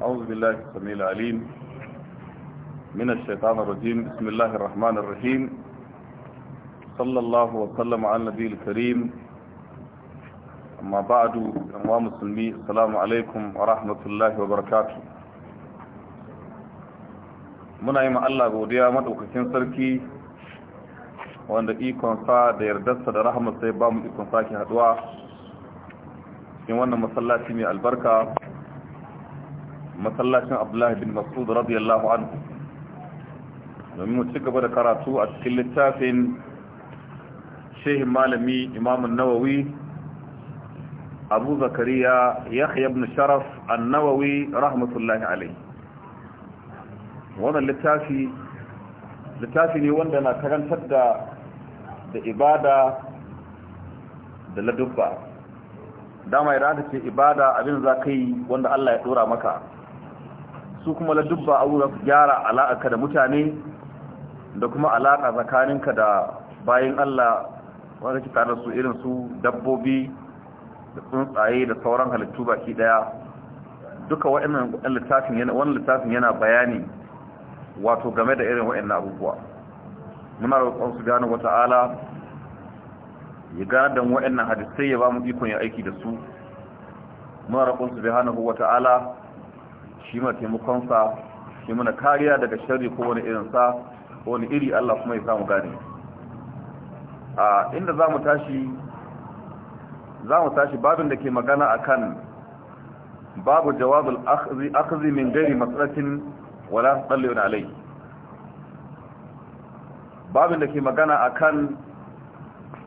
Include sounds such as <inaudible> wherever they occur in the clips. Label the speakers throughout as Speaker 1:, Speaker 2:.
Speaker 1: أعوذ بالله السميع العليم من الشيطان الرجيم بسم الله الرحمن الرحيم صلى الله وسلم على النبي الكريم أما بعد أنواع مسلمي السلام عليكم ورحمة الله وبركاته muna yi Allah godiya maɗaukakin sarki wanda ikonsa da yardarsa da rahamarsa ya ba mu ikon sake haɗuwa cikin wannan masallaci mai albarka masallacin abdullahi bin masud radiyallahu anhu domin mu ci gaba da karatu a cikin littafin shehi malami imamun nawawi abu zakariya yahya ibn sharaf an-nawawi rahmatullahi alayhi wannan littafi littafi ne wanda na karantar da da ibada da ladubba dama ya aka ce ibada abin za ka yi wanda Allah ya dora maka su kuma la abu aure gyara alaƙa da mutane da kuma alaƙa tsakaninka da bayan Allah wanda kika da su irin su dabbobi da tsuntsaye da sauran halittu baki daya duka wa'annan littafin yana wannan littafin yana bayani wato game da irin wa'annan abubuwa muna roƙon su gano wata'ala ya gane da wa'annan hadisai ya ba mu ikon ya aiki da su muna roƙon su wata wata'ala shi ma taimakonsa shi mana kariya daga shari ko wani irinsa ko wani iri Allah kuma ya samu gane a inda za mu tashi za mu tashi babin da ke magana akan babu jawabul akhzi min gairi matsalatin wala na alai babin da ke magana akan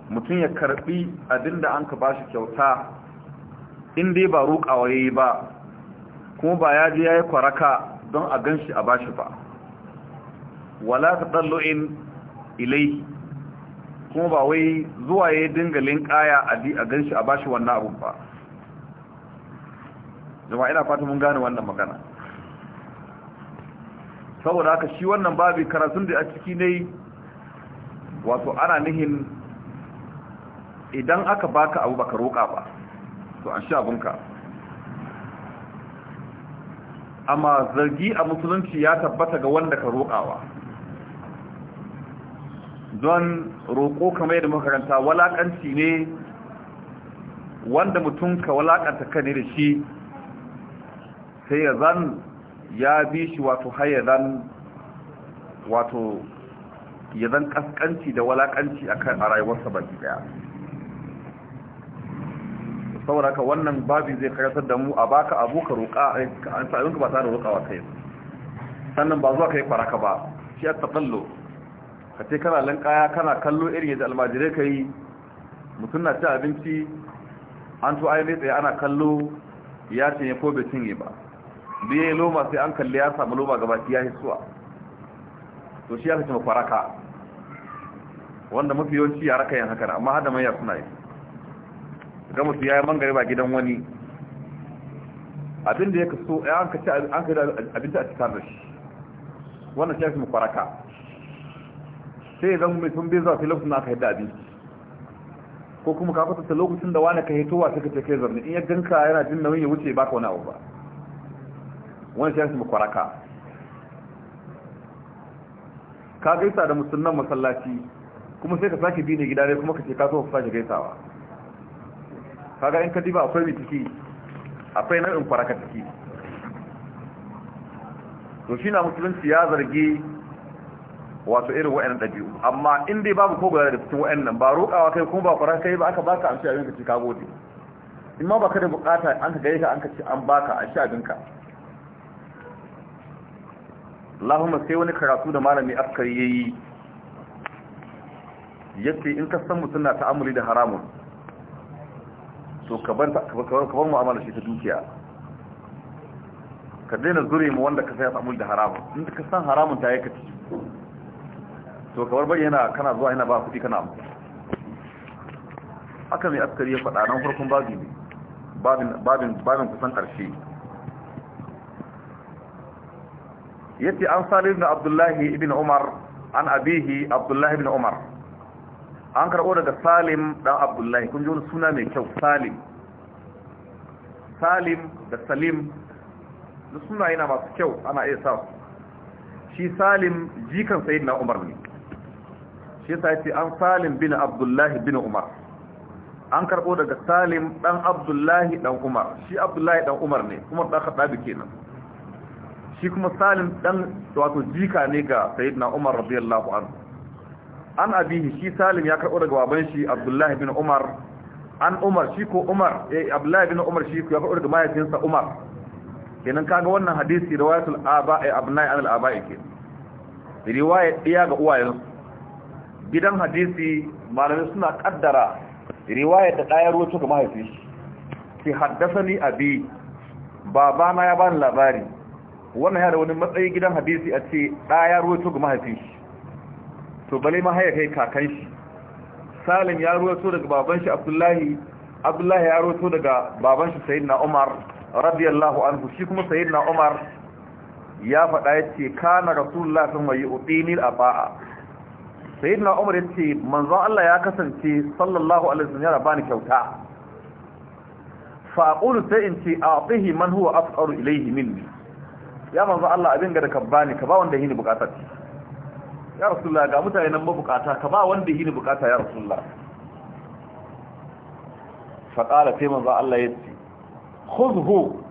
Speaker 1: mutum ya karbi abinda an ka bashi kyauta in dai ba ya yi ba kuma ba ya ji ya yi kwaraka don a gan shi a bashi ba wala ta ɗallo'in ilai kuma ba wai zuwa ya yi dinga ƙaya a gan shi a bashi wannan abu ba jama'a ina fata mun gane wannan magana saboda haka shi wannan babi karatun da a ciki ne wato ana nihin idan aka baka abu baka roƙa ba to an sha abunka amma zargi a musulunci ya tabbata ga wanda ka roƙawa don roƙo kamar yadda makaranta walaƙanci ne wanda mutum ka walaƙanta ka ne da shi sai ya zan ya bi shi wato haya zan wato ya zan ƙasƙanci da walaƙanci a rayuwarsa baki ɗaya saboda haka wannan babin zai karatar da mu a baka abu ka roƙa eh, an sa abinka ba tare da roƙawa kai sannan ba zuwa kai faraka ba shi a taƙallo ka ce kana lankaya kana kallo irin yadda almajirai ka yi mutum na ci abinci an to ayi tsaye ana kallo ya cinye ko bai cinye ba biye loma sai an kalli ya samu loma gabaki ya hisuwa to shi ya kace faraka wanda mafi yawanci ya raka yin haka amma hada manya suna yi ga musu yayin mangare ba gidan wani abin da yake so ya an kace an abinci a cikin shi wannan shi mu kwaraka sai zan mai sun beza sai na aka yadda abin ko kuma ka fata ta lokacin da wani ka hitowa suka ce kai zarni in ya ganka yana jin nauyin ya wuce baka wani abu ba wannan shi mu kwaraka ka gaisa da musulman masallaci kuma sai ka sake bi ne gida ne kuma ka ce ka so ka sake gaisawa kaga in kadiba akwai mai ciki akwai in faraka ciki to shi na musulunci ya zargi wato irin wa'annan ɗabi'u amma in dai babu ko guda da cikin wa'annan ba roƙawa kai kuma ba faraka kai ba aka baka an ci abin ka ci ka gode in ma baka da bukata an ka gare ka an ka ci an baka a ci abin ka Allahumma sai wani karatu da malami askari yayi yace in ka san mutuna ta ta'amuli da haramun to kabar bar mu'amala shi ta dukiya ka daina zure mu wanda ka sai samu da haramun inda ka san haramun ta yake ci to kabar bari yana kana zuwa yana ba kudi kana amsa haka mai askari ya faɗa nan farkon babi ne babin babin kusan ƙarshe yace an salim da abdullahi ibn umar an abihi abdullahi ibn umar an karɓo daga salim ɗan abdullahi kun ji wani suna mai kyau salim salim da salim da suna yana masu kyau ana iya sa shi salim jikan sayid na umar ne shi sa ce an salim bin abdullahi bin umar an karɓo daga salim ɗan abdullahi ɗan umar shi abdullahi ɗan umar ne Umar ɗan haɗaɓi kenan shi kuma salim ɗan wato jika ne ga sayid na umar rabiyallahu anhu an abihi shi salim ya karɓo daga baban shi abdullahi bin umar an umar shi ko umar eh abdullahi bin umar shi ya karɓo daga mahaifinsa umar kenan kaga wannan hadisi wayatul aba a abnai an al'aba aba yake riwaya ɗaya ga uwayen gidan hadisi malamai suna kaddara riwaya da ɗaya ruwa ga mahaifi ki haddasa ni abi babana ya bani labari wannan ya da wani matsayi gidan hadisi a ce ɗaya ruwa ga mahaifi to bale ma haya kai kakan shi salim ya ruwato daga baban shi abdullahi abdullahi ya ruwato daga baban shi sayyidina umar radiyallahu anhu shi kuma sayyidina umar ya faɗa ya ce kana rasulullah sun wayi utinil aba'a sayyidina umar ya ce Allah ya kasance sallallahu alaihi wasallam ya bani kyauta fa aqulu sai in ce a'tihi man huwa afqaru ilayhi minni ya manzo Allah abin ga da ka bani ka ba wanda ni bukatar ya rasulullah ga mutane nan mabukata ka ba wanda ni bukata ya rasulullah fa qala sai Allah ya khudhu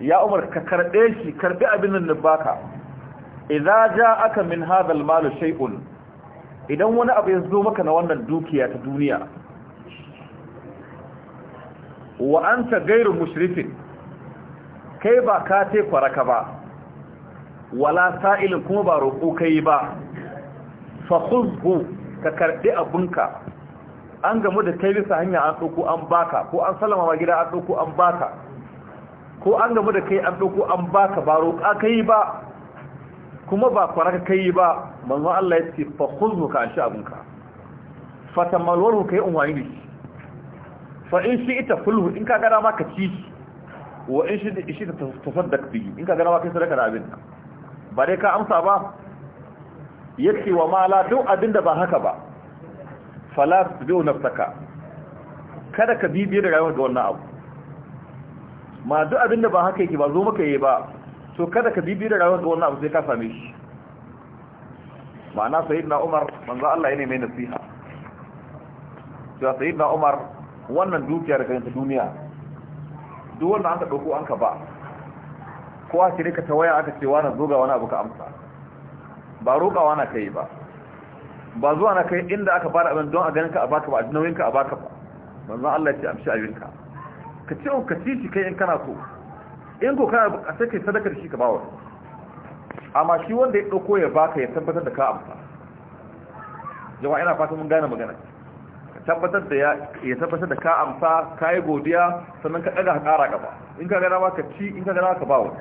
Speaker 1: ya umar ka karbe shi karɓi abin nan baka idza ja'aka min hadha al-mal shay'un idan wani abu ya zo maka na wannan dukiya ta duniya wa anta ghayru mushrifin kai ba ka te kwaraka ba wala sa'ilin kuma ba roƙo kai ba fahuzhu ka karɓi abunka. an gamu da kai bisa hanya an ɗauko an baka ko an salama ma gida an ɗauko an baka ko an gamu da kai an ɗauko an baka ba roƙa ka yi ba kuma ba fara ka yi ba manzon Allah ya ce fahuzhu ka shi abunka fatamalwaru ka yi unwayi ne fa in shi ita fulhu in ka gada ma ka ci wa in shi ta tasaddaq bi in ka gada ma kai sadaka da abin ba dai ka amsa ba yake wa mala duk abin da ba haka ba fala tudu nafsaka kada ka bibiye da rayuwar ga wannan abu ma duk abin da ba haka yake ba zo maka yi ba to kada ka bibiye da rayuwar ga wannan abu sai ka same shi ma'ana sayyidina Umar manzo Allah yana mai nasiha to sayyidina Umar wannan dukiyar ga ta duniya duk wanda aka dauko an ka ba kowa sai ka tawaya aka ce wani zo ga wani abu ka amsa ba roƙawa na kai ba ba zuwa na kai inda aka fara abin don a ganin ka a baka ba a nauyin ka a baka ba manzan Allah ce amshi abinka ka ce oh, ka ci shi kai in kana so in ko kana a sai kai sadakar shi ka ba wa amma shi wanda ya ɗauko ya baka ya tabbatar da ka amsa jama'a ina fata mun gane magana tabbatar da ya tabbatar da ka amsa ka yi godiya sannan ka ɗaga ƙara gaba in ka gana ba ka ci in ka gana ka ba wa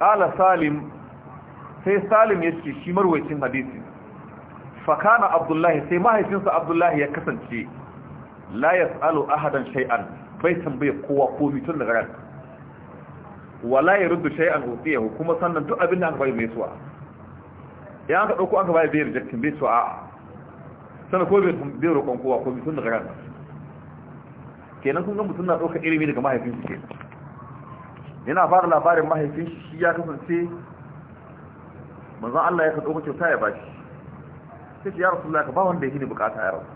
Speaker 1: ƙala salim sai salim ya ce shi marwacin hadisi fakana abdullahi sai mahaifinsa abdullahi ya kasance la ya tsalo ahadan shay'an bai bai kowa ko mitun da ran wala ya rudu shay'an hutsiyahu kuma sannan duk abin da aka bai mai suwa ya aka ɗauko aka bai bai rejectin bai suwa a sannan ko bai roƙon kowa ko mitun da ran kenan kun ga mutum na ɗaukar ilimi daga mahaifinsu ke yana fara labarin mahaifin shi ya kasance manzo Allah ya kaɗo kyauta ya bashi sai ce ya rasulullah ka ba wanda yake bukata ya rasu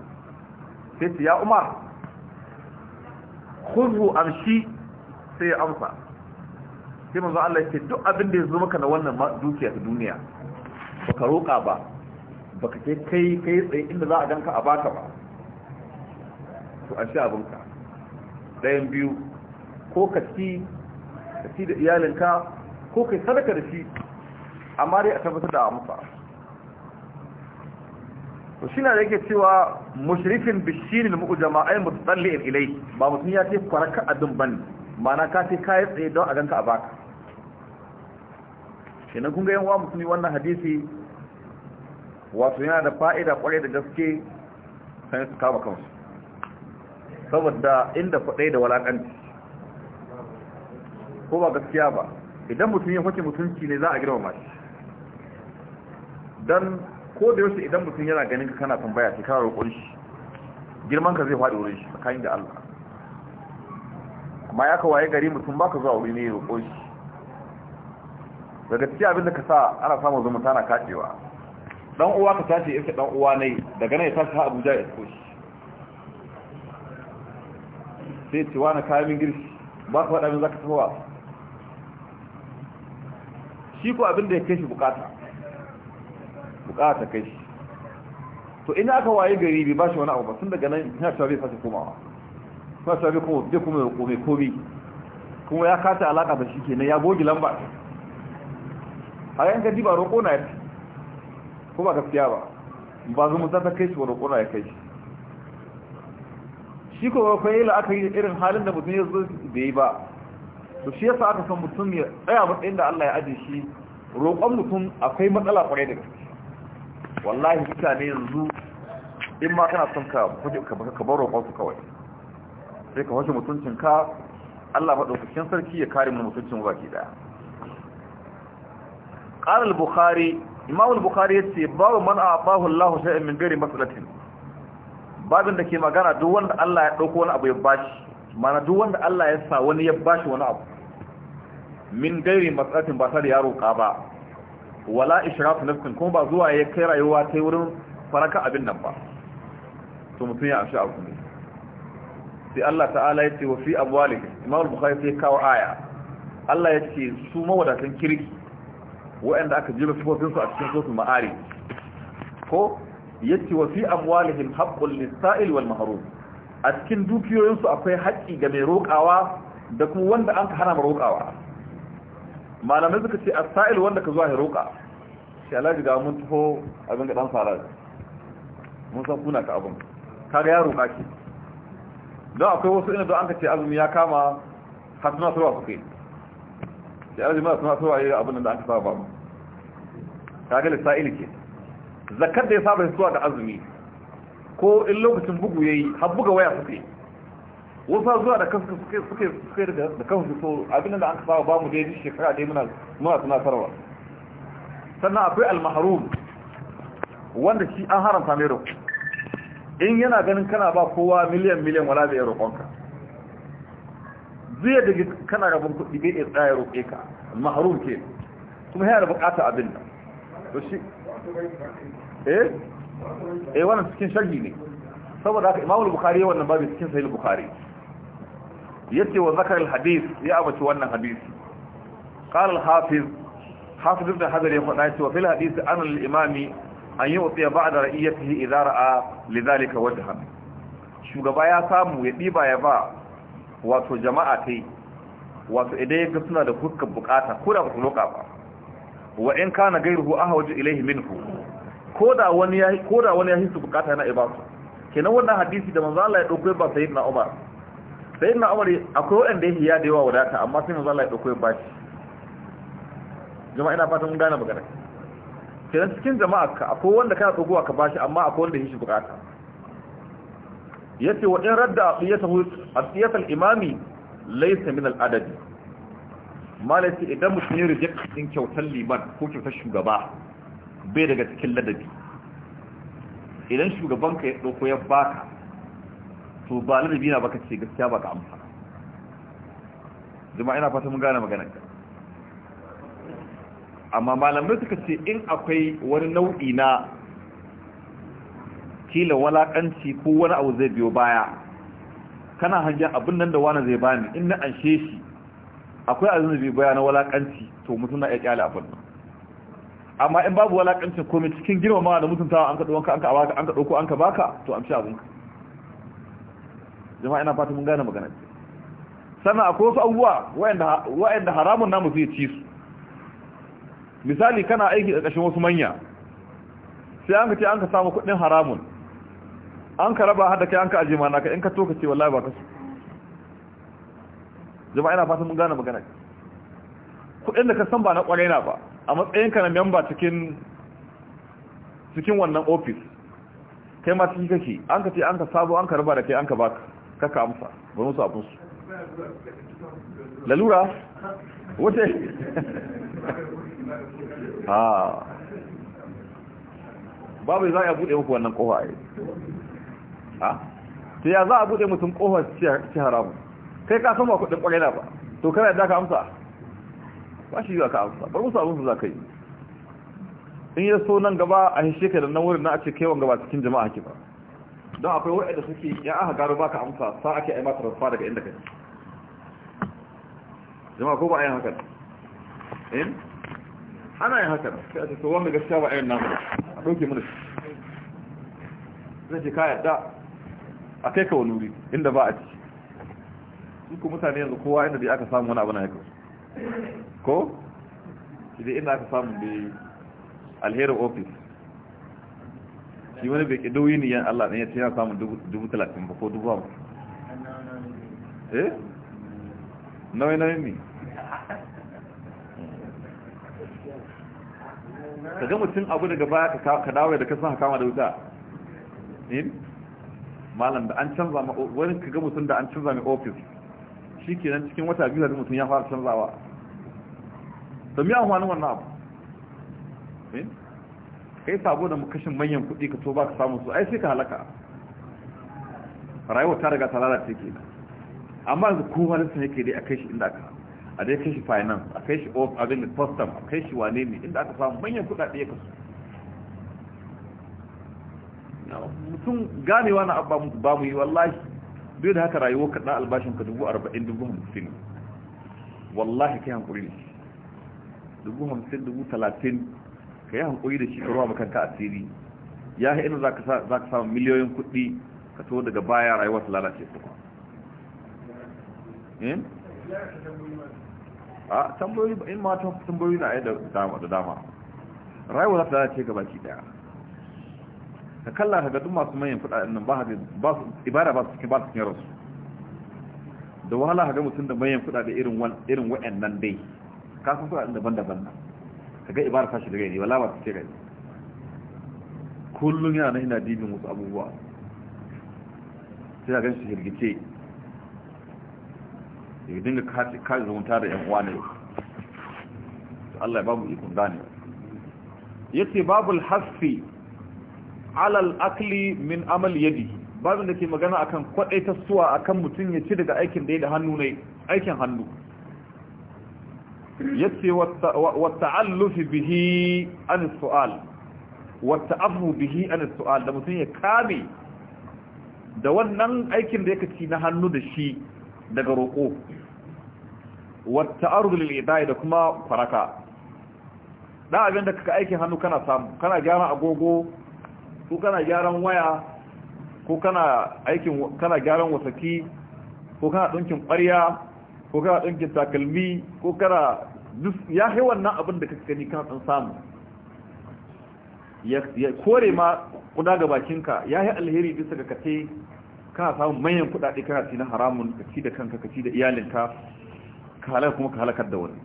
Speaker 1: sai ce ya umar khudhu amshi sai ya amsa sai manzo Allah ya ce duk abin da ya zo maka na wannan dukiya ta duniya baka roka ba baka ce kai kai tsaye inda za a ganka a baka ba to an sha abinka ɗayan biyu ko ka ci da iyalinka ko kai sadaka da shi amma dai a tabbatar da amsa to shi na da yake cewa da muku jama'ai mutu tsalle mutsalli'in ilai ba mutum ya ce faraka abin ban mana ka ce kayan tsaye don a ganka a baka shi kun ga yan uwa mutumi wannan hadisi wato yana da fa'ida kwarai da gaske sai su kama kansu saboda inda faɗai da walaƙanci ko ba gaskiya ba idan mutum ya hukunci mutunci ne za a girmama mashi don ko da yaushe idan mutum yana ganin ka kana tambaya sai ka roƙon shi girman ka zai faɗi wurin shi tsakanin da Allah amma ya ka waye gari mutum baka zuwa wuri ne roƙon shi daga cikin abin da ka sa ana samun zumunta na kacewa dan uwa ka tashi yake dan uwa ne daga nan ya tashi har Abuja ya tsoshi sai ce wani kayan girki ba ka faɗa min zaka tafowa shi ko abin da ya kai shi bukata ƙara ta kai shi to ina aka waye gari bai ba shi wani abu ba tun daga nan yana cewa bai sace komawa kuma cewa bai kuma bai kuma komai komai kuma ya kata alaƙa da shi kenan ya goge lamba a yan ka ba roƙo na yadda ko ba gaskiya ba ba zama ta kai shi roƙo na ya kai shi shi ko roƙo yi aka yi irin halin da mutum ya zo da yi ba to shi yasa aka san mutum ya tsaya matsayin da Allah ya aje shi roƙon mutum akwai matsala kwarai da gaske wallahi mutane yanzu in ma kana son ka ka bar roƙon kawai sai ka wace mutuncin ka Allah maɗaukakin sarki ya kare mu mutuncin baki daya qala al-bukhari imam al-bukhari yace babu man a'tahu Allah shay'an min ghairi masalatin. babin da ke magana duk wanda Allah ya dauko wani abu ya bashi mana duk wanda Allah ya sa wani ya bashi wani abu min gairi masalatin ba sai ya roƙa ba wala ishrafu nafsin kuma ba zuwa ya kai rayuwa ta wurin faraka abin nan ba to mutum ya ashi abu ne sai Allah ta'ala ya ce wa fi amwalihim Imam al-Bukhari sai kawo aya Allah ya ce su mawadatan kirki waɗanda aka jira sifofin su a cikin sosu ma'ari ko ce wa fi amwalihim haqqul lis-sa'il wal mahrum a cikin dukiyoyin su akwai haƙƙi ga mai roƙawa da kuma wanda an ka hana roƙawa malamai suka ce asa'il wanda ka zuwa hiroka shi alaji ga mun taho abin ga dan fara mun san kuna ka abin kaga ya roka ki don akwai wasu ina don an ka ce azumi ya kama hasuna suwa su kai shi alaji ma suna suwa yayi abin da an ka saba ba kaga lissa'il ke Zakar da ya saba zuwa da azumi ko in lokacin bugu ya yi, har buga waya su kai wasu zuwa da kansu suke suke suke da kansu so abin da an kafa ba mu dai shekara dai muna muna sarwa sannan akwai al-mahrum wanda shi an haramta mai roƙo in yana ganin kana ba kowa miliyan miliyan wala da roƙon roƙonka zai daga kana rabon kuɗi bai iya tsaya roƙe ka mahrum ke kuma yana da bukata abin da to shi eh eh wannan cikin sharhi ne saboda haka imamul bukhari wannan babu cikin sahih bukhari yace wa zakar al-hadith ya abaci wannan hadisi qala al-hafiz hafiz ibn hadar ya faɗa cewa fil hadisi an al-imami an yu'ti ba'da ra'iyatihi idza ra'a lidhalika wajhan shugaba ya samu ya diba ya ba wato jama'a tai wato idan ya ga suna da kuka bukata ko da ba su roƙa ba wa in kana gairuhu ahwaj ilayhi minhu koda wani ya ko da wani ya hisu bukata na ibadu kenan wannan hadisi da manzo Allah ya dauko ba sayyidina Umar sai na umar akwai waɗanda yake ya da yawa wadata amma sai mazala ya dauko ya shi jama'a ina fatan mun gane magana kenan cikin jama'a ka akwai wanda kana dogowa ka ba shi amma akwai wanda yake bukata yace wa in radda asiyatahu asiyatal imami laysa min al adadi malaki idan mutum ya reject cikin kyautar liman ko kyautar shugaba bai daga cikin ladabi idan shugabanka ya ɗauko ya baka to ba ladabi na baka ce gaskiya baka amsa jama'a ina fata mun gane maganar ka amma malamai suka ce in akwai wani nau'i na kila walakanci ko wani abu zai biyo baya kana hangen abin nan da wani zai bani in na anshe shi akwai biyo baya na walakanci to mutum na iya kyale abin nan amma in babu walakanci komai cikin girmamawa da mutuntawa an ka ɗauko an ka baka to amshi ka. jama'a ina fata mun gane magana ce sannan akwai wasu abubuwa wa'anda haramun namu zai ci su misali kana aiki a ƙarshen wasu manya sai an ka ce an ka samu kuɗin haramun an ka raba da kai an ka aje mana ka in ka ce wallahi ba ka su jama'a ina fata mun gane magana kuɗin da ka san ba na ƙwarai na ba a matsayin ka na memba cikin cikin wannan ofis kai ma ciki kake an ka ce an ka sabo an ka raba da kai an ka baka kaka amsa ba musu abinsu
Speaker 2: lalura wata <laughs> ha
Speaker 1: babu za a buɗe muku wannan kowa a yi ha ta ya za a buɗe mutum kowa ci haramu kai ka san kudin kuɗin ƙwarena ba to kana yadda ka amsa ba shi yiwa ka amsa bar musu abinsu za ka yi in yi so nan gaba a hishe ka da nan wurin na a ce kewan gaba cikin jama'a haki ba don akwai waɗanda suke ya aka gano baka amsa sa ake aima transfer daga inda kai zama ko ba a yi hakan in eh? ana yin hakan sai a cikin wanda gaskiya ba a yi namu a ɗauke mana shi zai ce ka yadda a kai ka wani inda ba a ci su ku mutane yanzu kowa inda dai aka samu wani abu na hakan ko? shi dai inda aka samu dai alherin ofis shi wani bai kido yi niyan Allah ɗan ya ce yana samun dubu talatin ba ko dubu hamsin eh nawai nawai ne
Speaker 2: ka ga mutum abu daga
Speaker 1: baya ka dawo da kasan hakama da wuta in eh? malam da an canza ma wani ka ga mutum da an canza mai ofis shi kenan cikin wata biyu da mutum ya fara canzawa da miya wani wannan abu eh? kai sabo da kashin manyan kuɗi ka to ba ka samu su ai sai ka halaka rayuwa ta riga ta lalace ke amma yanzu kowa da sai yake dai a kai shi inda aka a dai kai shi finance a kai shi of abin da custom a kai shi wane ne inda aka samu manyan kuɗaɗe ya kasu mutum ganewa na abba ba mu yi wallahi duk da haka rayuwa kaɗa albashin ka dubu arba'in dubu hamsin wallahi kai hankuri ne dubu hamsin dubu talatin ka yi hankuri da shi ka ruwa makanka siri ya haɗu za ka samu miliyoyin kuɗi ka so daga baya rayuwa su lalace su eh? a tambayoyi in ma tambayoyi na ayyar da dama rayuwa za ta lalace ga baki daya ka kalla ka gadun masu manyan kuɗaɗen nan ba su ibada ba su ba su cikin rasu da wahala ka ga mutum da manyan kuɗaɗe irin waɗannan dai kasan kuɗaɗen daban-daban nan kaga ibara ta shi daga ne wala ba ta ce ne kullum yana ina dibin wasu abubuwa sai a gan shi hirgice ya dinga kaji zumunta da 'yan uwa ne Allah ya babu ikon Ya yace babul hasfi alal akli min amal yadi babin da ke magana akan suwa akan mutum ya ci daga aikin da ya da hannu ne aikin hannu yace wa ta'allufi bihi an su'al wa bihi an su'al da mutum ya kame da wannan aikin da yake ci na hannu da shi daga roƙo wa ta'arrudu da kuma faraka da abin da kaka aikin hannu kana samu kana agogo ko kana gyaran waya ko kana aikin kana gyaran wasaki ko kana dinkin ƙwarya ko kana ɗinkin takalmi ko kana ya yi wannan abin da kaka gani kana samu ya kore ma kuda ga bakinka ya yi alheri bisa ga kace kana samun manyan kudade kana ci na haramun ka ci da kanka ka ci da iyalinka ka halaka kuma ka halakar da wani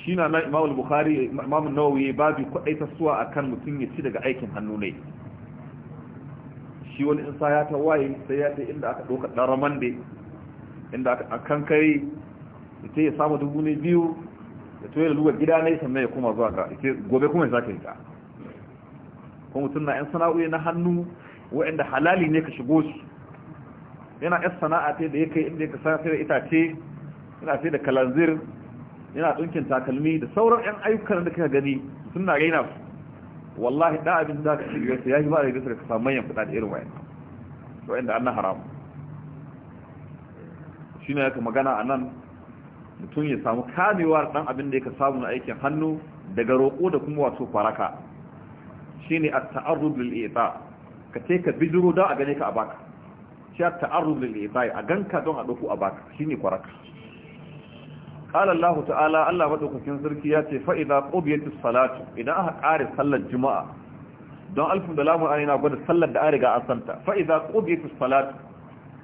Speaker 1: shi na na imamul bukari imamul nawawi babu kudai ta suwa akan mutum ya ci daga aikin hannu ne shi wani isa ya ta waye sai ya ta inda aka doka ɗan ramande inda a kankare ita ya samu dubu ne biyu da toye da luwa gida ne sannan ya kuma zuwa ga ita gobe kuma ya sake ta kuma mutum na 'yan sana'o'i na hannu wa'anda halali ne ka shigo su yana 'yan sana'a ta da ya kai inda ya ka sai da itace yana sai da kalanzir yana ɗinkin takalmi da sauran 'yan ayyukan da kika gani mutum na raina su wallahi da abin da ka shiga ya yi ba da da ka samu manyan kuɗa da irin wa'anda wa'anda an na haramu shi ne yaka magana a nan mutum ya samu kamewar ɗan abin da ya ka samu na aikin hannu daga roƙo da kuma wato faraka shi ne a ta'arrub lil'ita ka ce ka bidiro don a gane ka a baka shi a ta'arrub lil'ita a ganka don a ɗauku a baka shi ne faraka قال الله تعالى الله مدوكين سركي ياتي فاذا قضيت الصلاه اذا ƙare صلاه الجمعه don alfin da lamun ana gwada sallar da an riga an santa fa idza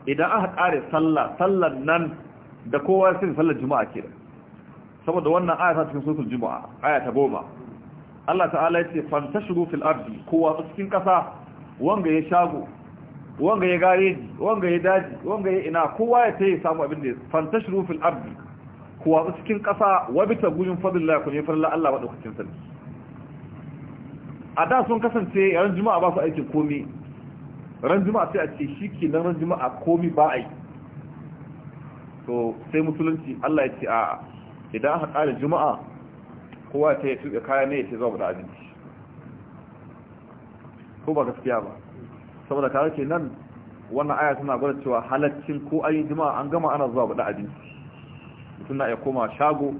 Speaker 1: idan aka kare sallah sallan nan da kowa sai sallar juma'a kira saboda wannan aya ta cikin suratul juma'a aya ta goma Allah ta'ala ya ce fantashiru fil ardi kowa cikin kasa wanga ya shago wanga ya gareji wanga ya daji wanga ya ina kowa ya tayi samu abin da fantashiru fil ardi kowa cikin kasa wa bi tagunin fadlillah kun yi farla Allah wa daukakin sarki a da sun kasance yaran juma'a ba su aikin komai ran juma'a sai a ce shi ke nan ran juma'a komi ba a yi to sai musulunci Allah ya ce a idan aka ƙara juma'a kowa ta yi tuɗe kaya ne ya ce zuwa da abinci ko ba gaskiya ba saboda kare ke nan wannan aya suna gwada cewa halaccin ko an yi juma'a an gama ana zuwa da abinci mutum na iya koma shago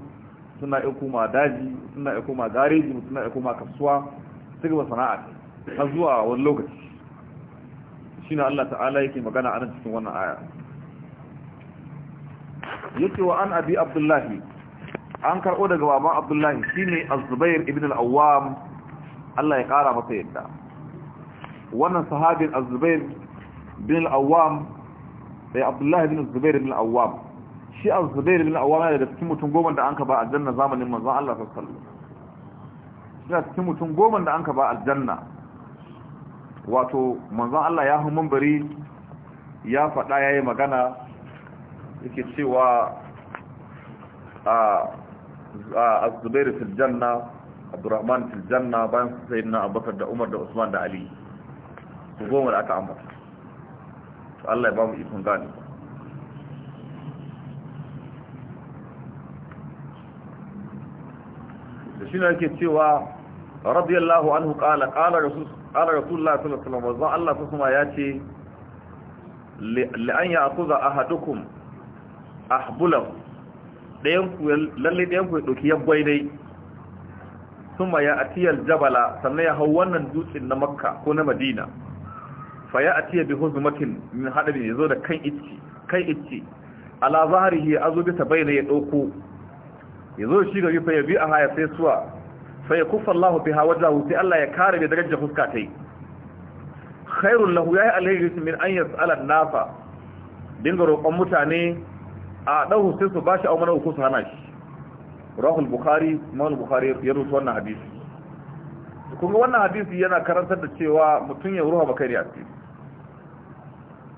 Speaker 1: mutum na iya koma daji mutum na iya koma gareji mutum na iya koma kasuwa su gaba sana'a ta zuwa wani lokaci shi ne Allah ta'ala yake magana a nan cikin wannan aya yake wa an abi abdullahi an karɓo daga baban abdullahi shi ne azubair ibn al'awam Allah ya ƙara masa yadda wannan sahabin azubair bin al'awam sai eh, abdullahi bin azubair bin al'awam shi azubair bin al'awam yana da cikin mutum goma da an ka ba aljanna zamanin manzan Allah sassallu suna cikin mutum goma da an ka ba aljanna wato manzon Allah ya hun bari ya faɗa ya yi magana yake cewa a zubairu filjanna abdurrahman filjanna bayan su sayi na abubakar da umar da usman da ali su goma da aka ambata Allah ya ba mu ikon gani da shi ne yake cewa radiyallahu anhu ƙala da su قال رسول الله صلى الله عليه وسلم الله تسمى ياتي لأن يأخذ أحدكم أحبله lalle ɗayan ku ya ɗauki yabbai dai sun ma ya atiyar jabala sannan ya hau wannan dutsen na makka ko na madina faya ya atiyar bi huzumatin min haɗari ya zo da kan icci kan ala ya bai ɗauko ya zo shi ya bi a haya sai suwa fa ya kufa Allahu biha wajhahu sai Allah ya kare da darajar fuska tai khairul lahu ya alheri min an yas'ala nafa dinga roƙon mutane a dahu sai su bashi a mana uku su hana shi rahul bukhari mal bukhari ya rubuta wannan hadisi kun ga wannan hadisi yana karantar da cewa mutum ya ruha bakari a cikin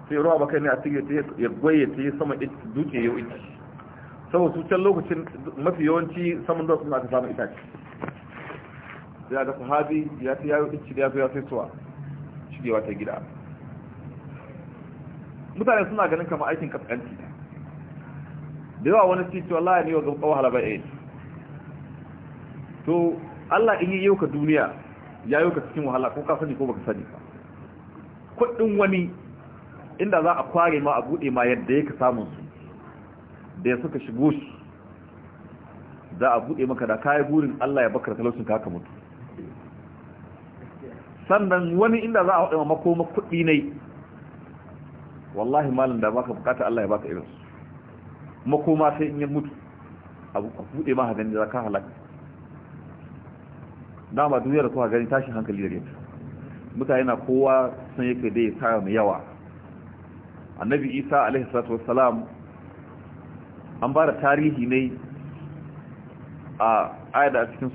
Speaker 1: sai ruwa bakari ne a cikin ya goye ta yi sama duke yau ita saboda su can lokacin mafi yawanci saman dutsen aka samu itace sai da sahabi ya ta yayo ɗin ya zo ya sai suwa shigewa ta gida mutane suna ganin kama aikin kaskanci da yawa wani titi wallahi ne wa gaba wahala ba eh to Allah in yi yau ka duniya ya yau ka cikin wahala ko ka sani ko baka sani ba kuɗin wani inda za a kware ma a buɗe ma yadda ya ka samun su da ya suka shigo shi za a buɗe maka da kayi burin Allah ya bakar talaucin ka mutu sannan wani inda za a ma makoma kuɗi ne wallahi malin da baka bukata Allah ya baka irinsu makoma sai in yi mutu a buɗe ma hagani da ka halaka dama duniya da kuka gani tashin hankali da gani mutane na kowa sun yake dai tara mai yawa annabi isa alaihi salatu wassalam an ba da tarihi ne a ayyada a cikin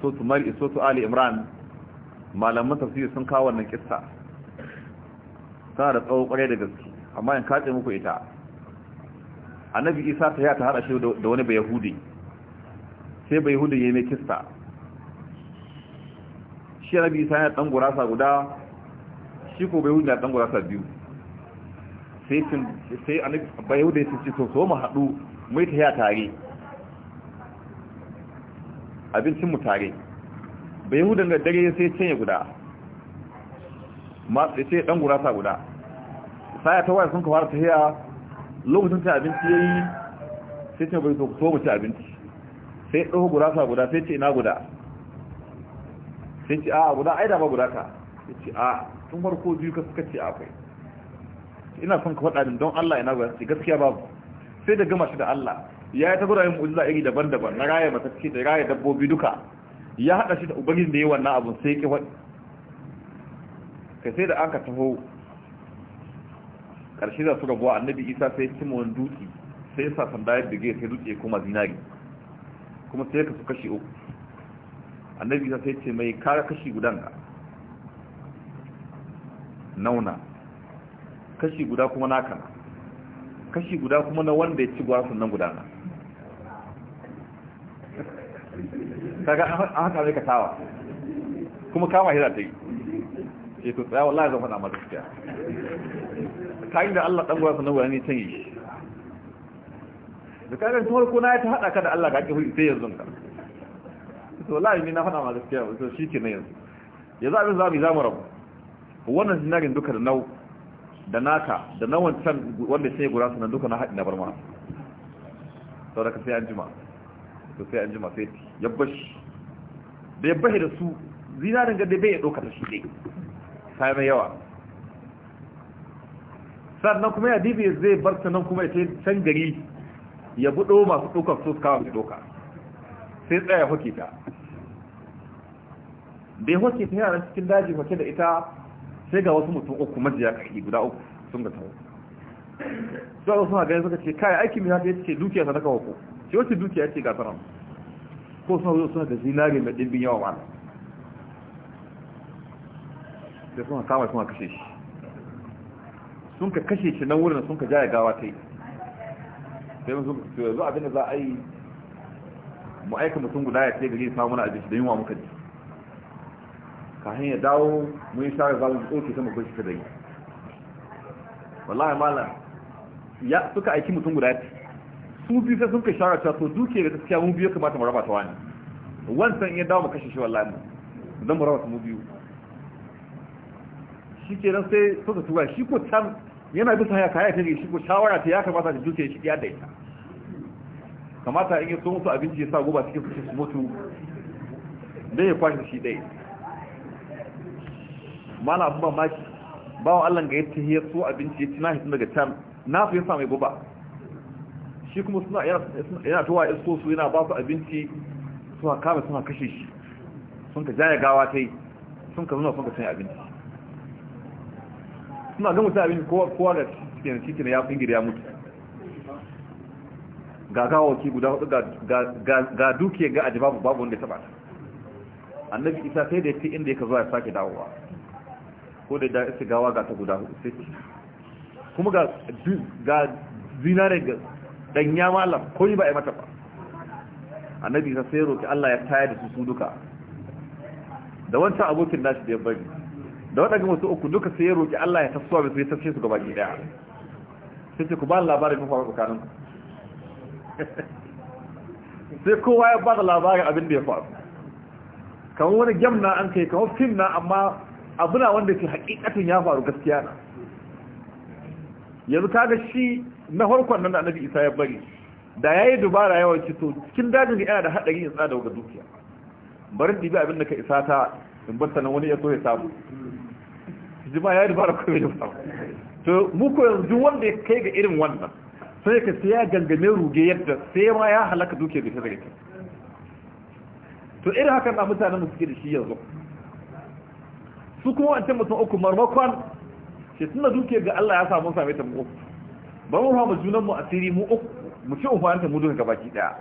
Speaker 1: sotu mari sotu ali imran malaman tafsir sun kawo wannan kissa tana da tsawo kware da gaske amma in kace muku ita annabi isa ta yata hada shi da wani bai yahudi sai bai yahudi yayi mai kissa shi annabi isa ya dan gurasa guda shi ko bai yahudi ya dan gurasa biyu sai cin sai annabi bai yahudi ya ce to so mu hadu mu yi ta ya tare abincin mu tare ba hudun da dare sai cinye guda ma sai dan gurasa guda sai ta waya sun ka fara hiyar lokacin ta abinci yayi sai ta bari so mu ci abinci sai doho gurasa guda sai ce ina guda sai ce a guda ai da ba guda ta sai ce a tun farko biyu ka suka ce akwai ina son ka faɗa min don Allah ina guda ce gaskiya babu sai da gama shi da Allah ya yi ta gura yin mu'ujiza iri daban-daban na raya matacce da raya dabbobi duka ya haɗa shi da ubangijin da ya wannan abun sai ya wani. Ka sai da aka taho ƙarshe za su rabuwa annabi isa sai ya cimma wani dutse sai ya sa sanda ya bige sai dutse kuma zinari kuma sai ya kasu kashi uku annabi isa sai ce mai kara kashi gudan ka nauna kashi guda kuma naka kashi guda kuma na wanda ya ci gwasan nan gudana kaga an haka mai ka tawa kuma kama hira ta yi ce eh, to tsaya wallahi zan faɗa mata gaskiya kayan da Allah dan gwasa na wani can yi da kayan tuwar kuna ya ta haɗa ka da Allah ka ake ta sai yanzu ka to wallahi ni na faɗa mata gaskiya to shi ke na yanzu ya abin za mu yi rabu wannan sinarin duka da nau da naka da nawan san wanda sai gura sunan duka na haɗi na barma sau da ka sai an jima to sai an ji sai ya bashi da ya bashi da su zinarin ga bai ya ɗauka ta shi ne sai mai yawa sannan kuma ya dibi zai bar sannan kuma ya ce can gari ya buɗo masu ɗaukar su kawo su ɗauka sai tsaya hoke ta da ya hoke ta yana cikin daji hoke da ita sai ga wasu mutum uku majiya kai guda uku sun ga tawo zuwa suna gani suka ce kai aiki mai haka ya ce dukiya sadaka hako ce wacce dukiya ce gafara ko suna zo suna da zinari mai ɗimbin yawa ba da suna kama suna kashe shi sun ka kashe shi nan wurin sun ka jaya gawa ta yi sai mun yanzu abinda za a yi mu aika mutum guda ya ce gari samu mana abinci da yunwa muka ji ka hanyar dawo mun yi shara za mu tsoke sama kun shi ta dai wallahi malam ya suka aiki mutum guda ya ce su biyu sai sun ka shawara cewa to duke da gaskiya mu biyu kamata mu raba ta wani wancan ya dawo mu kashe shi wallahi mu zan mu raba ta mu biyu shi ke nan sai suka tuba shi ko can yana bisa haya kaya ta shi ko shawara ta ya kamata ta duke shi ya daita kamata in ya so musu abinci ya sa guba cikin su mutu dai ya kwashe shi dai mala abin mamaki bawan allan ga ya ya so abinci ya ci na hitin daga can na su yin sa mai guba shi kuma suna yana tuwa isko su yana ba su abinci suna kama suna kashe shi sun ka jaya gawa ta yi sun ka zuna sun ka sanya abinci suna gama mutum abinci kowa ga cikin cikin ya fi ya mutu ga gawaki guda hudu ga dukiya ga aji babu babu wanda ya taba ta annabi isa sai da ya fi inda ya ka zuwa ya sake dawowa ko da ya gawa ga ta guda hudu sai kuma ga zinare dan ya malam koyi ba a mata ba annabi sai sai roki Allah ya tayar da su su duka da wancan abokin nashi da ya bari da waɗanda wasu uku duka sai ya roki Allah ya tasowa mai su ya tashe su gaba ki daya sai ce ku ba labarin ku faru <laughs> kanin sai kowa ya ba da labarin abin da ya faru kamar wani gem na an kai kamar fim na amma abuna wanda ke hakikatin ya faru gaskiya na yanzu kaga shi na farkon nan da annabi isa ya bari da ya yi dubara yawan cito cikin dajin da yana da haɗari in tsada ga dukiya barin dibi abin da ka isa ta in bar sanan wani ya so ya samu jima ya yi dubara ko bai dubara to mu ko yanzu wanda ya kai ga irin wannan sai ka sai ya gangame ruge yadda sai ma ya halaka dukiya da ta zage ta to irin haka na mutanen mu suke da shi yanzu su kuma wancan mutum uku marmakon shi suna dukiya ga Allah ya samu samu ita mu uku ba mu ba junan mu asiri mu uku mu ci umaranta mu duka gabaki daya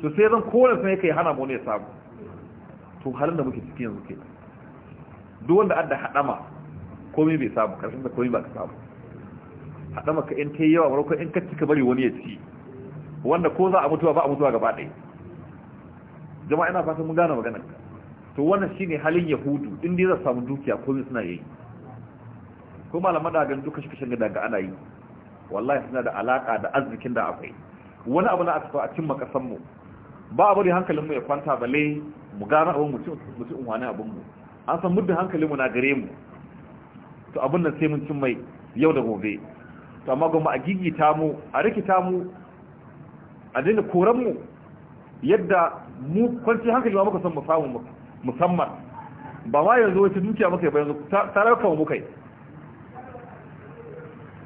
Speaker 1: to sai zan kowane sai kai hana mu ne samu to halin da muke cikin yanzu ke? duk wanda adda hadama komai bai samu karshen da komai ba ka samu hadama ka in kai yawa barko in ka cika bari wani ya ci wanda ko za a mutuwa ba a mutuwa gaba ɗaya jama'a ina fatan mun gane maganar ka to wannan shine halin yahudu in dai za samu dukiya komai suna yi ko malama da ga duka shi kashin da ga ana yi wallahi suna da alaka da arzikin da akwai wani abu na a so a cimma kasan mu ba a bari hankalin mu ya kwanta bale mu gano abin mu ci unwani abin mu an san muddin hankalin mu na gare mu to abin nan sai mun cin mai yau da gobe to amma goma a gigita mu a rikita mu a daina koran mu yadda mu kwanci hankali ma muka san mu samu musamman ba ma yanzu wata dukiya muka yi ba yanzu kawo muka yi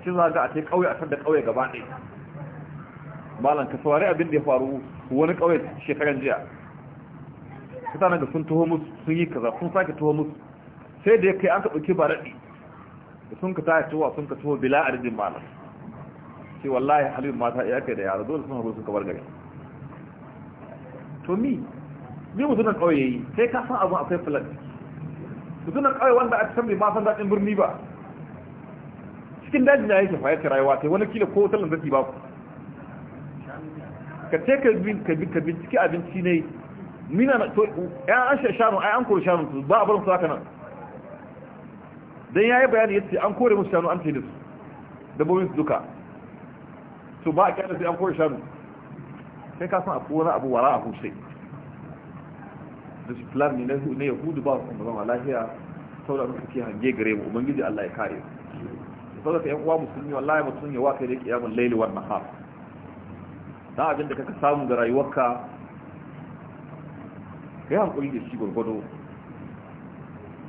Speaker 1: shi za ga a ce kauye a da kauye gaba ɗaya malam ka saurari abin da ya faru wani kauye shekaran jiya mutanen da sun tuho musu sun yi kaza sun sake tuho musu sai da ya kai an ka ɗauki ba raɗi da sun ka taya tuwa sun ka tuho bila a rijin malam ce wallahi halibin mata ya kai da yara dole sun haɗu sun kabar gari to mi ni mutunan ƙauye yi sai ka san abin akwai filan mutunan ƙauye wanda a cikin mai masan daɗin birni ba cikin daji na yake fayyace rayuwa ta wani kila ko wutar lantarki ba ku ka ce ka binciki abinci ne mina na to ya an shi shanu ai an kore shanu su ba a barin su haka nan dan yi bayani ya ce an kore musu shanu an ce da su dabbobin su duka to ba a kyanar sai an kore shanu sai ka san akwai wani abu wara a husai da shi plan ne na yahudu ba su zama lahiya saboda su suke hange gare mu ubangiji Allah ya kare su sau da yan uwa musulmi wallahi mutum ya waka da kiyamun laili wa nahar Da abin da kaka samu ga rayuwarka kai hankuri da shi gurgudu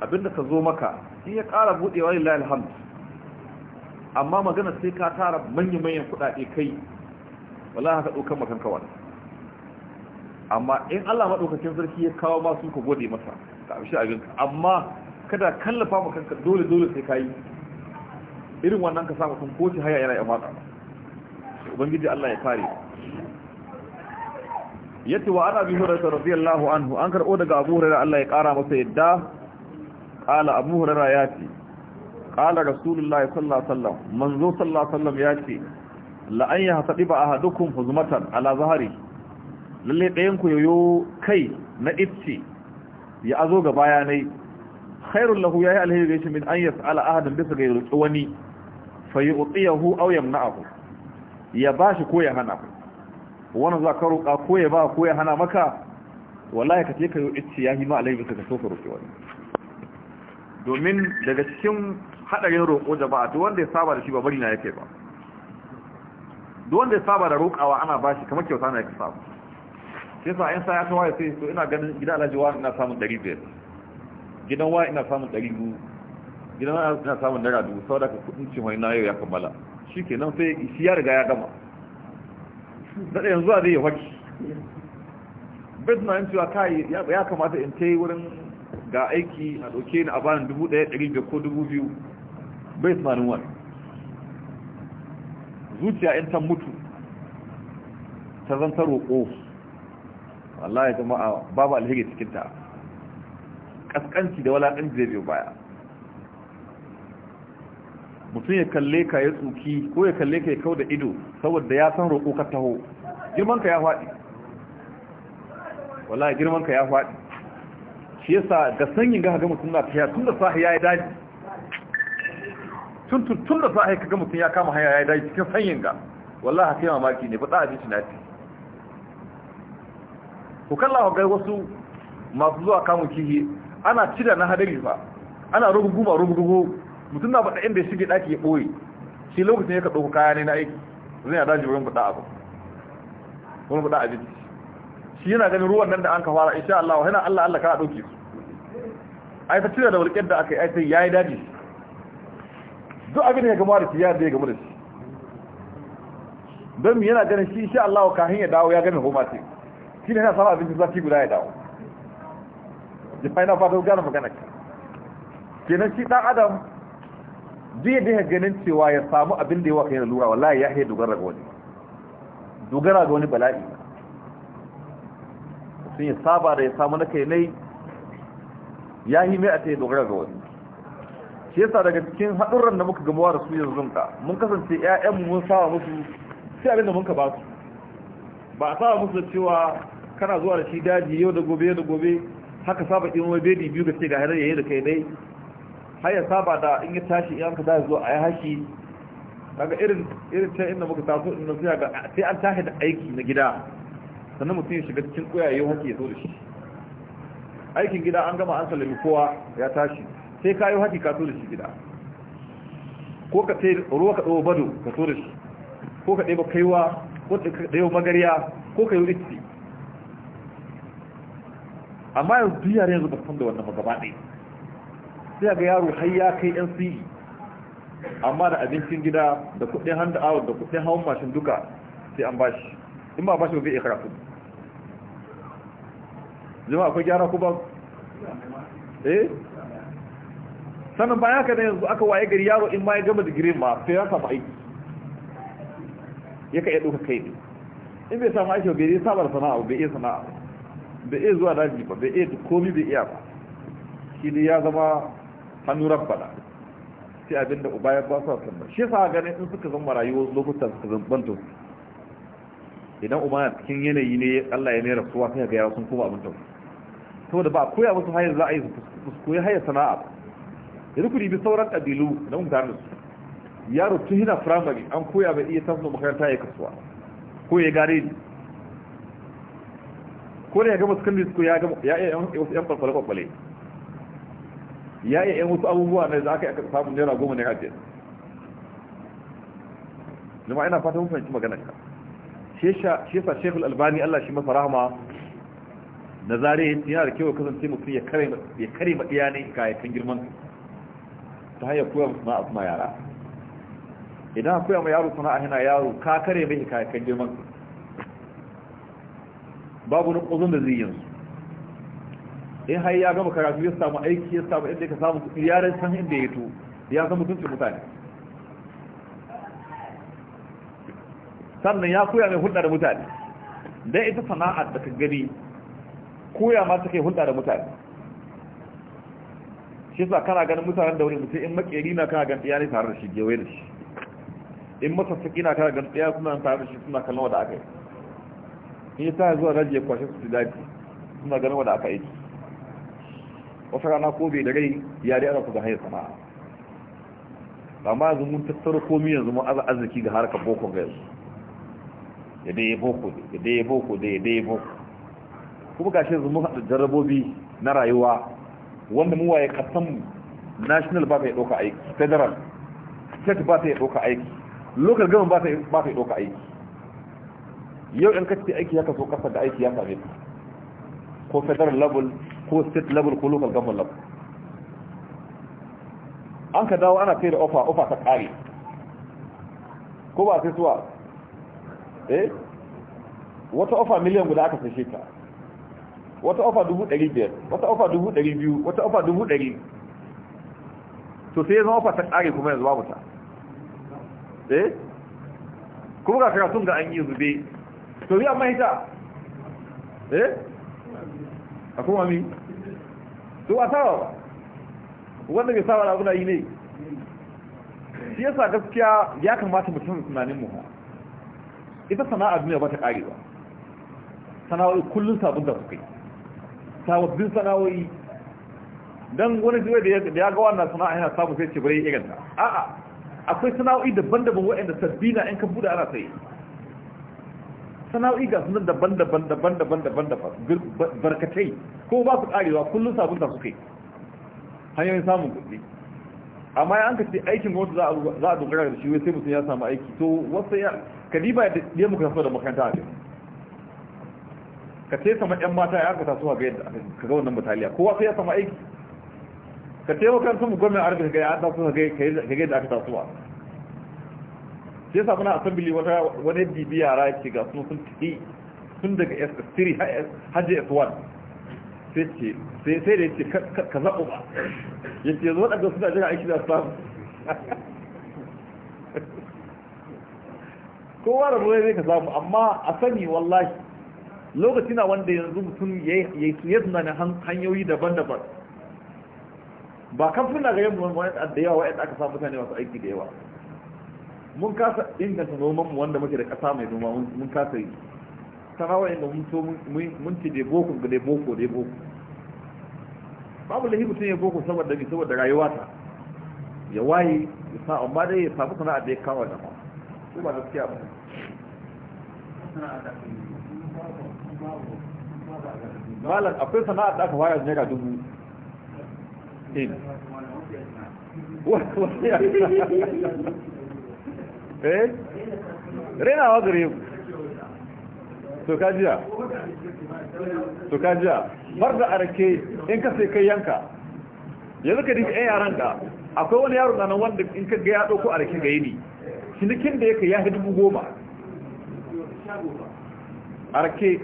Speaker 1: abin da ka zo maka shi ya ƙara buɗewa lillahi alhamdu amma magana sai ka tara manyan manyan kuɗaɗe kai wallahi haka ɗaukar makanka wani amma in Allah maɗaukakin sarki ya kawo masu ka gode masa ka amshi abinka amma kada kallafa makanka dole dole sai ka yi irin wannan ka sa mutum ko haya yana ya fada ubangiji Allah ya kare yace wa ana bi hurairah radiyallahu anhu an karbo daga abu hurairah Allah ya kara masa yadda qala abu hurairah yace qala rasulullahi sallallahu alaihi wasallam manzo sallallahu alaihi wasallam yace la an yahtabiba ahadukum huzmatan ala zahari lalle ɗayan ku yoyo kai na itci ya azo ga bayanai khairul lahu yayi alheri gashi min an yas'ala ahadan bisa ga wani fa yu'tiyahu aw yamna'ahu ya bashi ko ya hana wannan za ka roƙa ko ya ba ko ya hana maka wallahi ka ce ka yi itti ya hima alai bisa ka so ka roƙi wani domin daga cikin haɗarin roƙo jama'a duk wanda ya saba da shi ba bari na yake ba duk wanda ya saba da roƙawa ana bashi kamar kyauta na yake saba sai sa in sa ya tawaye sai so ina ganin gida alhaji wa ina samun 500 gidan wa ina samun 200 gidan ana suna samun naira dubu sau da ka kudin cin wani nayo ya kammala shi ke nan sai shi ya riga ya gama daɗa yanzu a zai ya haki bai na yin cewa kai ya kamata in ta yi wurin ga aiki a ɗauke ni a bani dubu ɗaya ɗari biyu ko dubu biyu bai na nin zuciya in ta mutu ta zanta roƙo wallahi jama'a babu alheri cikinta ƙasƙanci da walakanci zai biyo baya mutum ya kalle ka ya tsuki ko ya kalle ka ya kau da ido saboda ya san roƙo ka taho girman ka ya faɗi wallahi girman ka ya faɗi shi yasa ga sanyin ga ga mutum na tafiya tun da sahi ya yi daji tun tun tun da sahi ka ga mutum ya kama hanya ya yi daji cikin sanyin ga wallahi kai mamaki ne ba za a ji tunati ku kalla ga wasu masu zuwa kamun kihi ana cida na hadari fa ana rugugu ba rugugu mutum na faɗa inda ya shige ɗaki ya ɓoye shi lokacin ya ka ɗauka kaya ne na aiki zai a daji wurin kuɗa abu wurin kuɗa abinci shi yana ganin ruwan nan da an ka fara in sha Allah wahina Allah Allah ka ɗauki su ai ta cire da walƙiyar da aka yi ya yi daji duk abin da ya gama da shi ya da ya gama da shi don mu yana ganin shi sha Allah kafin ya dawo ya gani goma ce shi ne yana samun abinci zafi guda ya dawo ya fa yana gane magana kenan shi dan adam zai da ganin cewa ya samu abin da ya waka yana lura wallahi ya haye dogara ga wani dogara ga wani bala'i sun yi saba da ya samu na kai nai ya yi mai a ta yi dogara ga wani shi yasa daga cikin haɗurran da muka gamuwa da su yanzu ka mun kasance 'ya'yanmu mun sawa musu sai abin da mun ka ba su ba a sawa musu da cewa kana zuwa da shi daji yau da gobe yau da gobe haka saba in wai bedi biyu ka ce ga hannun yayi da kai dai har ya saba da in ya tashi in ka da zo a yi haki daga irin irin ta inda muka taso in nan ga sai an tashi da aiki na gida sannan mutum ya shiga cikin kuyaye haki ya zo da shi aikin gida an gama an sallami kowa ya tashi sai ka yi haki ka zo da shi gida ko ka sai ruwa ka ɗau bado ka zo da shi ko ka ɗaya kaiwa ko ka ɗaya magariya ko ka yi rikici amma yanzu duk yare yanzu ba san da wannan ba gaba ɗaya sai ga yaro har ya kai yan siyi e. amma da abincin gida da kudin hand out da kudin hawan mashin duka sai an bashi in ba bashi ba zai karatu jama'a akwai gyara ku ba eh sannan bayan haka da yanzu aka waye gari yaro in ma ya gama digiri ma sai ya samu aiki ya ka iya ɗauka kai ne in bai samu aiki bai iya da sana'a bai iya sana'a bai iya zuwa daji ba bai iya komi bai iya ba shi ne ya zama hannu rabbana sai abinda uba ya ba su a kan shi sa ganin in suka zama rayuwar lokutan suka zambanto idan uba na cikin yanayi ne Allah ya mai kowa sai ga yawa sun koma abin tausayi saboda ba koya musu hayar za a yi su koyi hayar sana'a ba ya duk ribi sauran ƙabilu na mutane da su yaro tun hina firamare an koya mai iya tafiya makaranta ya kasuwa ko ya gare ni ko da ya gama sukan school ya gama ya iya yan wasu yan kwalkwale-kwalkwale ya yi yan wasu abubuwa na da aka yi samun nera goma ne jiya zama ina fata mun fahimci magana ka shi yasa shekul albani allah shi masa rahama na zare yana da kyau kasance mutum ya kare maɗiya ne kayakan girman ta hanyar koya ma a asuma yara idan akwai ma yaro suna ahina yaro ka kare mai kayakan girman babu na ƙuzon da zai yanzu in har ya gama karatu ya samu aiki ya samu inda ka samu kuɗi ya san inda ya to ya san mutuncin mutane sannan ya koya mai hulɗa da mutane dan ita sana'a da ka gani koya ma take hulɗa da mutane shi sa kana ganin mutanen da wuri mutum in makeri na kana ganin iyali tare da shi gewaye da shi in masassaki na kana ganin iyali suna tare da shi suna kallon wada aka yi in ya ta zuwa rajiya kwashe su daji suna ganin wada aka yi wata rana ko bai da rai ya dai ana ku ga hanyar sana'a amma yanzu mun tattara komi yanzu mun aza arziki ga harkar boko ga yanzu ya dai ya boko ya dai ya boko da ya dai ya boko kuma shi yanzu mun haɗa jarrabobi na rayuwa wanda mu waye kasan national ba ta yi ɗauka aiki federal state ba ta yi ɗauka aiki local government ba ta yi ɗauka aiki yau ɗan kacce aiki ya kaso ƙasa da aiki ya same ko federal level ko state level ko local government level an ka dawo ana kai da ofa ofa ta kare ko ba sai suwa eh wata ofa miliyan guda aka sashe ta wata ofa dubu biyar wata ofa dubu biyu wata ofa dubu to sai zama ofa ta kare kuma yanzu babu ta eh kuma ga karatun ga an yi zube to amma hita. eh a kuma mi to a sawa ba wanda bai sawa abu na yi ne shi yasa gaskiya ya kamata mutum tunanin mu ita sana'a duniya ba ta kare ba sana'o'i kullum sabon da su kai sababbin sana'o'i don wani jiwa da ya ga wannan sana'a yana samun sai ce bare irin ta a'a akwai sana'o'i daban-daban waɗanda sabbi na in ka buɗe ana sai sana'o'i ga sunan daban-daban daban-daban daban-daban barkatai ko ba su karewa kullum sabunta da suke hanyoyin samun kuɗi amma ya an ka ce aikin gwamnati za a dogara da shi wai sai mutum ya samu aiki to wasu ya kadiba da ya muka tafiya da makaranta a cikin ka ce sama yan mata ya aka tasowa ga yadda ka ga wannan mutaliya kowa sai ya samu aiki ka ce makarantar mu gwamnati a arzika ga ya ga yadda aka tasowa. sai yasa muna assembly wata wani bibi yara ce ga sun sun tafi tun daga S3 haje S1 sai ce sai sai da yace ka zabo ba yace yanzu wadanda suna jira aiki da samu kowa da ruwa zai ka samu amma a sani wallahi lokaci na wanda yanzu mutum ya yi hanyoyi daban-daban ba kamfuna ga yin da yawa aka samu mutane masu aiki da yawa mun kasa inganta noman mu wanda muke da ƙasa mai noma mun kasa yi sanawa inda mun so mun ce dai boko ga dai boko dai boko babu lahi mutum ya boko saboda bi saboda rayuwa ta ya waye ya sa amma dai ya samu sana'a da ya kawo da ba su ba gaskiya ba malam akwai sana'a da aka fara naira dubu ɗin eh
Speaker 2: renawa gare ku to kajiya to
Speaker 1: kajiya bar da arke in ka sai kai yanka yanzu ka dinka yan yaran ka akwai wani yaro na nan wanda in ka ga ya dauko arke ga yini cinikin da yake ya hi dubu goma arke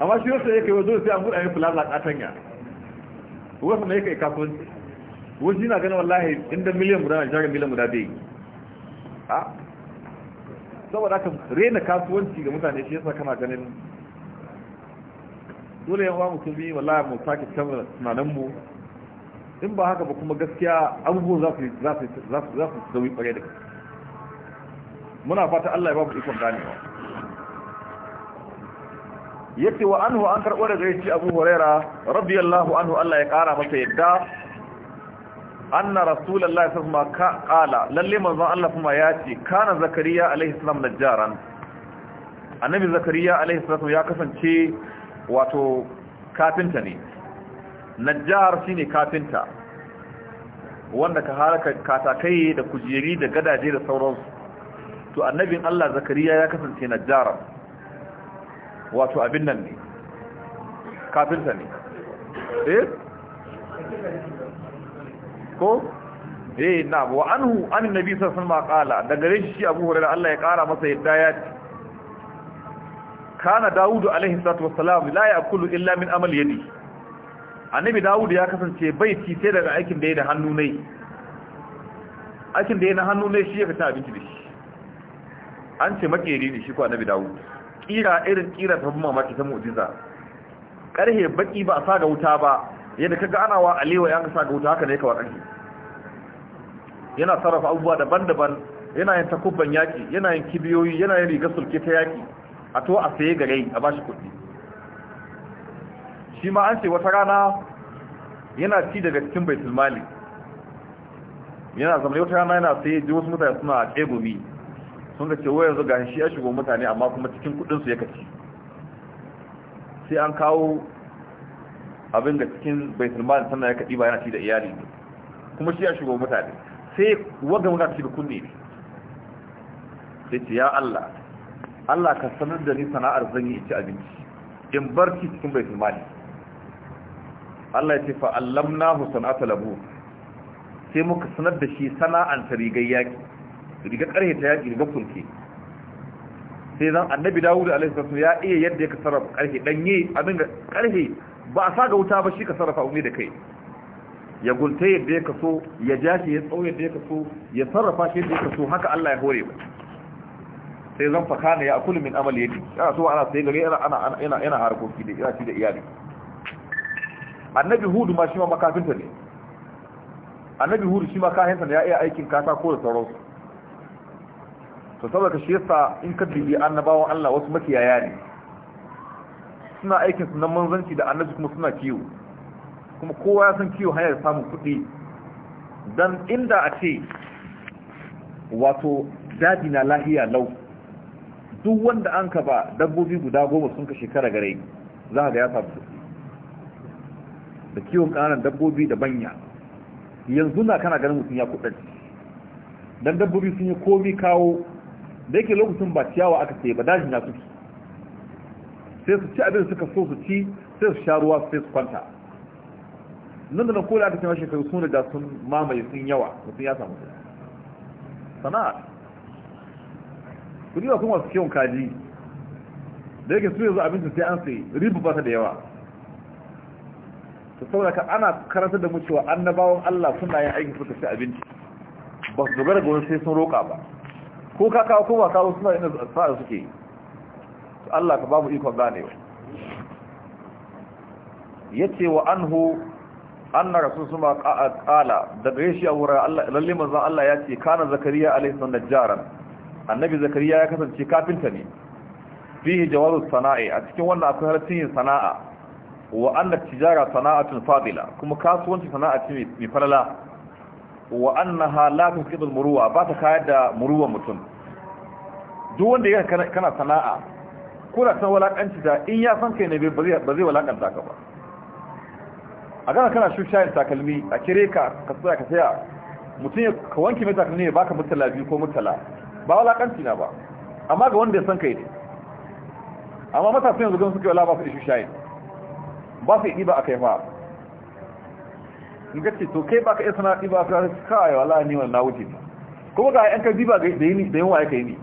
Speaker 1: amma shi yasa yake wazo sai an gudu a yi plaza katanya wasu ya yake kafin. wasu yana ganin wallahi inda miliyan guda na shagar miliyan guda bai saboda kan rena kasuwanci ga mutane shi yasa kana ganin dole yan uwa biyu wallahi mu sake canza tunanin mu in ba haka ba kuma gaskiya abubuwan za su za su za su za kware da muna fata Allah ya ba mu ikon ganewa yace wa anhu an karɓo daga yace Abu Huraira radiyallahu anhu Allah ya kara masa yadda anna rasulullahi sallallahu alaihi wasallam qala lalle manzon Allah kuma ya ce kana zakariya alaihi salam najjaran annabi zakariya alaihi salam ya kasance wato kafinta ne najjar shine kafinta wanda ka haraka katakai da kujeri da gadaje da sauransu to annabin Allah zakariya ya kasance najjaran wato abin nan ne kafinta ne eh ko eh na wa anhu an nabi sallallahu alaihi wasallam qala da gare shi Abu Hurairah Allah ya kara masa yadda ya ce kana daud alaihi salatu wassalam la ya'kulu illa min amal yadi annabi daud ya kasance bai ci sai daga aikin da yake da hannu ne aikin da yake na hannu ne shi ya fita abinci da shi an ce makeri ne shi ko annabi daud kira irin kira ta mamaki ta mu'jiza karhe baki ba a sa ga wuta ba yadda kaga ana wa aliwa ya sa ga wuta haka ne ka wadanki yana sarrafa abubuwa daban-daban yana yin takubban yaki yana yin kibiyoyi yana yin rigar sulke ta yaki a to a saye gare a bashi kuɗi shi ma an ce wata rana yana ci daga cikin bai mali yana zama wata rana yana saye ji wasu mutane suna tsegumi sun ga cewa yanzu ga shi ya shigo mutane amma kuma cikin kudinsu ya kaci sai an kawo abin ga cikin baitul mal sannan ya kadi ba yana ci da iyali ne kuma shi ya shigo mutane sai wanda muna ci da kunne ne sai ce ya Allah Allah ka sanar da ni sana'ar zan yi ci abinci in bar ci cikin baitul mal Allah ya ce fa allamnahu sana'ata labu sai muka sanar da shi sana'an ta rigar yaki rigar karhe ta yaki rigar kulke sai zan annabi dawud alaihi salatu ya iya yadda ya sarrafa karhe danye abin da karhe ba a sa ga wuta ba shi ka sarrafa umarni da kai ya gulta yadda ya kaso ya ja shi ya tsawo yadda ya kaso ya sarrafa shi yadda ya kaso haka Allah ya hore ba sai zan faka ne ya akulu min amal yadi ana so ana sai gare ana ana ina harkoki da ina da iyali annabi hudu ma shi ma makafinta ne annabi hudu shi ma kahinta ne ya iya aikin katako da sauransu to saboda shi yasa in ka dubi annabawan Allah wasu makiyaya ne suna aikin sunan na manzanci da annabi kuma suna kiwo kuma kowa ya san kiwo hanyar samun kuɗi dan inda a ce wato daji na lahiya lau duk wanda an ka ba dabbobi guda goma sun ka shekara gare za ga ya samu kuɗi da kiwon ƙananan dabbobi da banya yanzu na kana ganin mutum ya kuɗaɗe dan dabbobi sun yi komi kawo da yake lokacin ba ciyawa aka sai ba dajin na suke sai su ci abin suka so su ci sai su sha ruwa sai su kwanta nan da na kola da cewa shekaru sun riga sun mamaye sun yawa mutum ya samu su sana'a kudi ba kuma su kiwon kaji da yake su yanzu abincin sai an sai ribu ba ta da yawa to saboda ka ana karantar da mu cewa annabawan Allah suna yin aikin suka ci abinci ba su dogara ga wani sai sun roƙa ba ko ka kawo ko ba kawo suna yin da suke yi Allah ka babu ikon ganewa yace wa anhu anna rasulullah qala daga shi a wurin Allah lalle manzon Allah yace kana zakariya alaihi sallam najjaran annabi zakariya ya kasance kafinta ne fihi jawazu sana'i a cikin wannan akwai harcin sana'a wa anna tijara sana'atun fadila kuma kasuwanci sana'a ce mai falala wa annaha la tusqidul muruwa ba ta kayar da muruwa mutum duk wanda yake kana sana'a kura san walakanci ta in ya san kai ne ba zai walakanta ka ba a gana kana shushayin takalmi a kire ka ka tsaya ka tsaya mutum ya ka wanke mai takalmi ya baka mutala biyu ko mutala ba walakanci na ba amma ga wanda ya san kai ne amma matasan yanzu gan suke wala ba su da shushayin ba su yi ba a kai fa in ka to kai baka iya sana'a ba ka kawai wala ni na wuce kuma ga yan ka diba da yin wa ya kai ni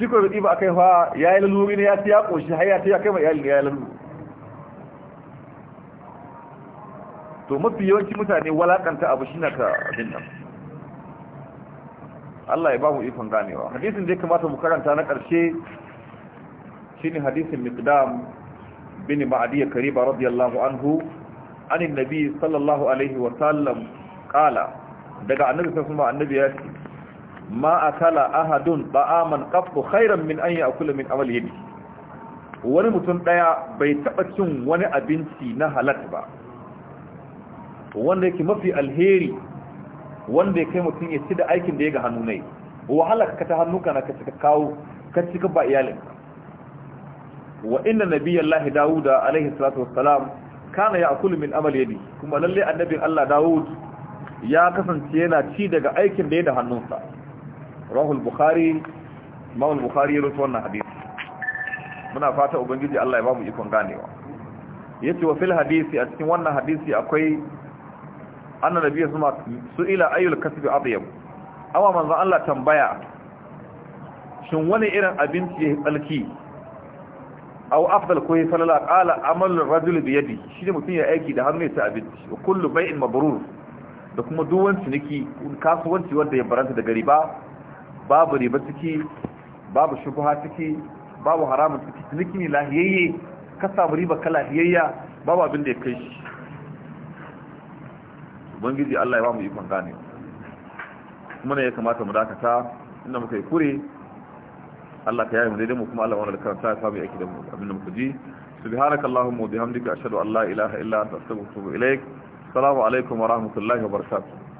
Speaker 1: shi ko bai ba akai fa yayi laluri ne ya ci ya koshi har ya ci ya kai mai iyali ne ya to mafi yawanci mutane walakanta abu shi na ka abin nan Allah ya ba mu ikon ganewa hadisin da ya kamata mu karanta na karshe shine hadisin miqdam bin ma'adiyya kariba radiyallahu anhu anin nabi sallallahu alaihi wa sallam qala daga annabi sallallahu alaihi wa sallam annabi ya ce ma akala ahadun ta'aman qattu khairan min an ya'kula min amal yadi wani mutum ɗaya bai taɓa cin wani abinci na halal ba wanda yake mafi alheri wanda ya kai mutum ya ci da aikin da ya ga hannu nai wahala ka ta hannu kana ka cika kawo ka cika ba iyalin wa inna nabiyallahi dawuda alaihi salatu wassalam kana ya'kulu min amal yadi kuma lalle annabin Allah dawud ya kasance yana ci daga aikin da ya da hannunsa rahul bukhari mawul bukhari ya rufe wannan hadisi muna fata ubangiji Allah ya ba mu ikon ganewa ce wa fil hadisi a cikin wannan hadisi akwai anna nabiyyu su su'ila ayyul kasbi atyab awa manzo Allah tambaya shin wani irin abinci ya tsalki aw afdal ko falala qala amal rajul bi yadi shine mutun ya aiki da hannu ya abinci wa kullu bai'in mabrur da kuma duwan ciniki kasuwanci wanda ya baranta daga riba babu riba ciki babu shubha ciki babu haramun ciki ciniki ne lahiyayye ka samu riba ka lahiyayya babu abin da ya kai shi ubangiji Allah ya ba mu ikon gane kuma ne ya kamata mu dakata inda muka yi kure Allah ka yayi mu daidai mu kuma Allah wannan karanta ya samu yaki da mu abin da muka ji subhanaka allahumma wa bihamdika ashhadu an la ilaha illa anta astaghfiruka wa atubu ilaik assalamu alaikum wa rahmatullahi wa barakatuh